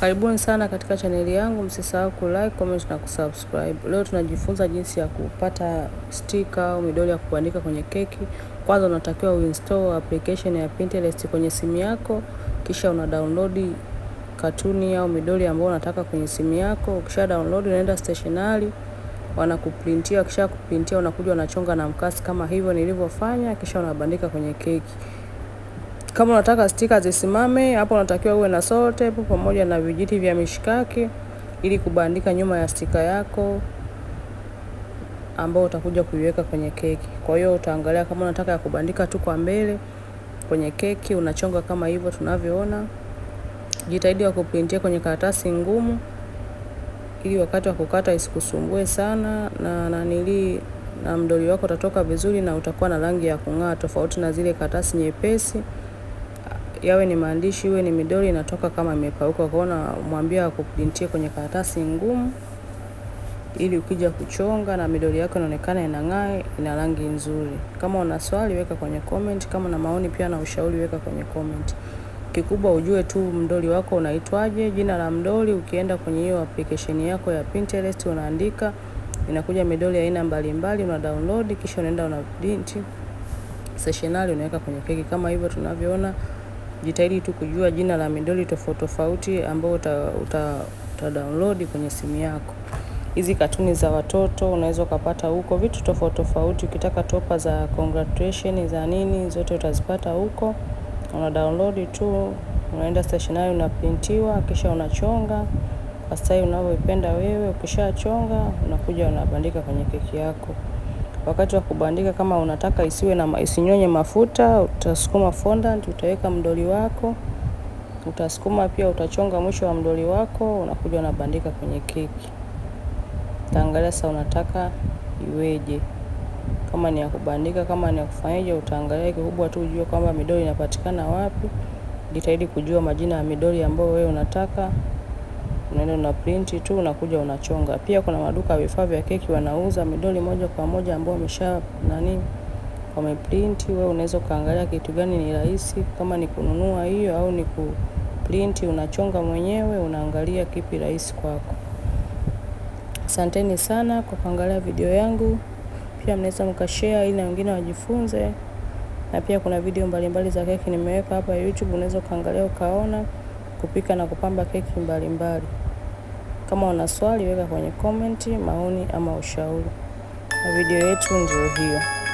Karibuni sana katika chaneli yangu, msisahau like, comment na kusubscribe. Leo tunajifunza jinsi ya kupata stika au midoli ya kuandika kwenye keki. Kwanza unatakiwa uinstall application ya Pinterest kwenye simu yako, kisha una download katuni au midoli ambayo unataka kwenye simu yako. Ukisha download unaenda stationery, wanakuprintia. Kisha kuprintia unakuja unachonga na mkasi kama hivyo nilivyofanya, kisha unabandika kwenye keki. Kama unataka stika zisimame, hapo unatakiwa uwe na salt tape pamoja na vijiti vya mishikaki ili kubandika nyuma ya stika yako ambayo utakuja kuiweka kwenye keki. Kwa hiyo utaangalia kama unataka ya kubandika tu kwa mbele kwenye keki, unachonga kama hivyo tunavyoona. Jitahidi wa kuprintia kwenye karatasi ngumu ili wakati wa kukata isikusumbue sana, na nanili na mdoli wako utatoka vizuri na utakuwa na rangi ya kung'aa tofauti na zile karatasi nyepesi yawe ni maandishi, iwe ni midoli inatoka kama imekauka. Kwa hiyo namwambia akuprintie kwenye karatasi ngumu, ili ukija kuchonga na midoli yako inaonekana inang'aa, ina rangi nzuri. Kama una swali weka kwenye comment, kama na maoni pia na ushauri weka kwenye comment. Kikubwa ujue tu mdoli wako unaitwaje, jina la mdoli. Ukienda kwenye hiyo application yako ya Pinterest unaandika, inakuja midoli aina mbalimbali, una download kisha unaenda una print sessionali unaweka kwenye keki kama hivyo tunavyoona jitahidi tu kujua jina la midoli tofauti tofauti ambao uta, uta, uta download kwenye simu yako. Hizi katuni za watoto unaweza ukapata huko vitu tofauti tofauti. Ukitaka topa za congratulation za nini zote utazipata huko, una download tu, unaenda stationery unaprintiwa, kisha unachonga kwa style unavyoipenda wewe. Ukishachonga unakuja unabandika kwenye keki yako. Wakati wa kubandika kama unataka isiwe na isinyonye mafuta, utasukuma fondant, utaweka mdoli wako, utasukuma pia, utachonga mwisho wa mdoli wako, unakuja unabandika kwenye keki. Utaangalia sasa unataka iweje, kama ni ya kubandika, kama ni ya kufanyaje, utaangalia. Kikubwa tu ujue kwamba midoli inapatikana wapi. Jitahidi kujua majina ya midoli ambayo wewe unataka unaenda una print tu unakuja unachonga. Pia kuna maduka ya vifaa vya keki wanauza midoli moja kwa moja ambao wamesha nani wameprint. Wewe unaweza ukaangalia kitu gani ni rahisi, kama ni kununua hiyo au ni kuprint. Unachonga mwenyewe, unaangalia kipi rahisi kwako. Asanteni sana kwa kuangalia video yangu, pia mnaweza mkashare ili na wengine wajifunze, na pia kuna video mbalimbali mbali za keki nimeweka hapa YouTube, unaweza ukaangalia ukaona kupika na kupamba keki mbalimbali. Kama una swali, weka kwenye komenti, maoni ama ushauri. Na video yetu ndio hiyo.